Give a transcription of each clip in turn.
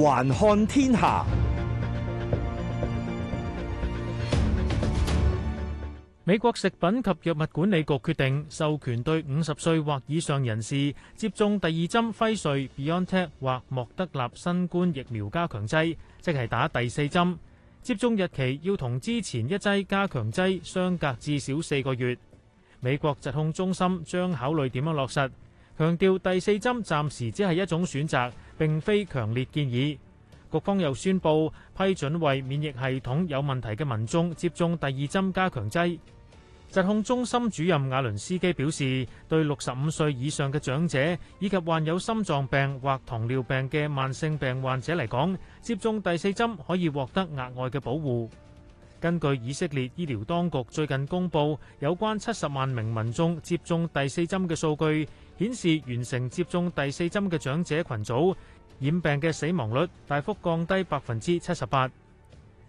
環看天下。美國食品及藥物管理局決定授權對五十歲或以上人士接種第二針輝瑞、Biontech 或莫德納新冠疫苗加強劑，即係打第四針。接種日期要同之前一劑加強劑相隔至少四個月。美國疾控中心將考慮點樣落實。強調第四針暫時只係一種選擇，並非強烈建議。局方又宣布批准為免疫系統有問題嘅民眾接種第二針加強劑。疾控中心主任亞倫斯基表示，對六十五歲以上嘅長者以及患有心臟病或糖尿病嘅慢性病患者嚟講，接種第四針可以獲得額外嘅保護。根據以色列醫療當局最近公布有關七十萬名民眾接種第四針嘅數據，顯示完成接種第四針嘅長者群組染病嘅死亡率大幅降低百分之七十八。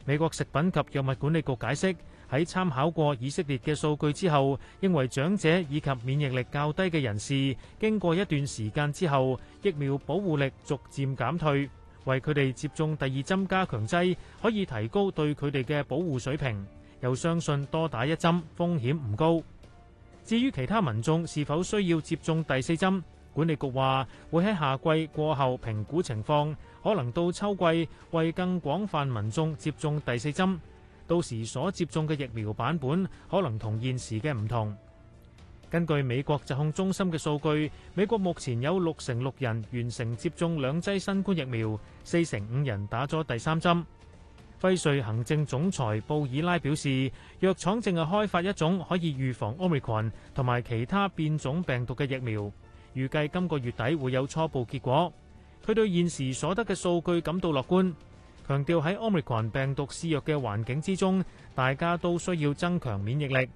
美國食品及藥物管理局解釋，喺參考過以色列嘅數據之後，認為長者以及免疫力較低嘅人士經過一段時間之後，疫苗保護力逐漸減退。為佢哋接種第二針加強劑，可以提高對佢哋嘅保護水平。又相信多打一針風險唔高。至於其他民眾是否需要接種第四針，管理局話會喺夏季過後評估情況，可能到秋季為更廣泛民眾接種第四針。到時所接種嘅疫苗版本可能同現時嘅唔同。根據美國疾控中心嘅數據，美國目前有六成六人完成接種兩劑新冠疫苗，四成五人打咗第三針。輝瑞行政總裁布爾拉表示，藥廠正係開發一種可以預防 Omicron 同埋其他變種病毒嘅疫苗，預計今個月底會有初步結果。佢對現時所得嘅數據感到樂觀，強調喺 Omicron 病毒肆虐嘅環境之中，大家都需要增強免疫力。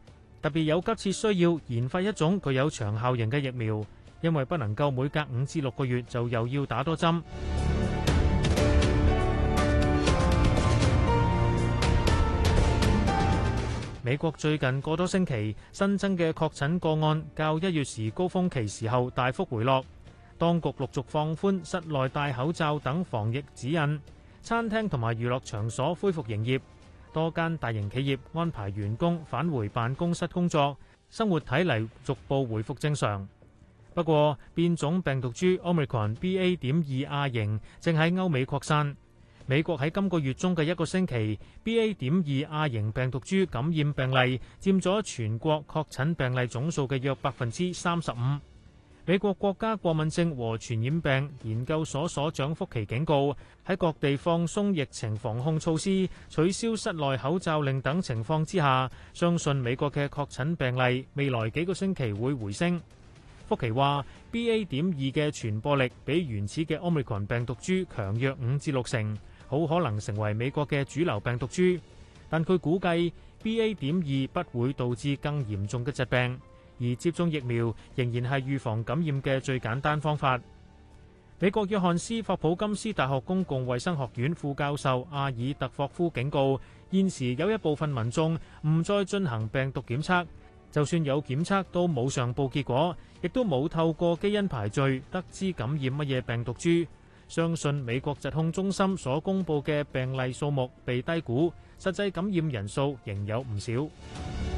特別有急切需要研發一種具有長效型嘅疫苗，因為不能夠每隔五至六個月就又要打多針。美國最近個多星期新增嘅確診個案，較一月時高峰期時候大幅回落。當局陸續放寬室內戴口罩等防疫指引，餐廳同埋娛樂場所恢復營業。多間大型企業安排員工返回辦公室工作，生活睇嚟逐步回復正常。不過，變種病毒株 Omicron BA. 點二亞型正喺歐美擴散。美國喺今個月中嘅一個星期，BA. 點二亞型病毒株感染病例佔咗全國確診病例總數嘅約百分之三十五。美國國家過敏症和傳染病研究所所長福奇警告，喺各地放鬆疫情防控措施、取消室內口罩令等情況之下，相信美國嘅確診病例未來幾個星期會回升。福奇話：BA.2 嘅傳播力比原始嘅 Omicron 病毒株強約五至六成，好可能成為美國嘅主流病毒株。但佢估計 BA.2 不會導致更嚴重嘅疾病。而接種疫苗仍然係預防感染嘅最簡單方法。美國約翰斯霍普金斯大學公共衛生學院副教授阿爾特霍夫警告：現時有一部分民眾唔再進行病毒檢測，就算有檢測都冇上報結果，亦都冇透過基因排序得知感染乜嘢病毒株。相信美國疾控中心所公佈嘅病例數目被低估，實際感染人數仍有唔少。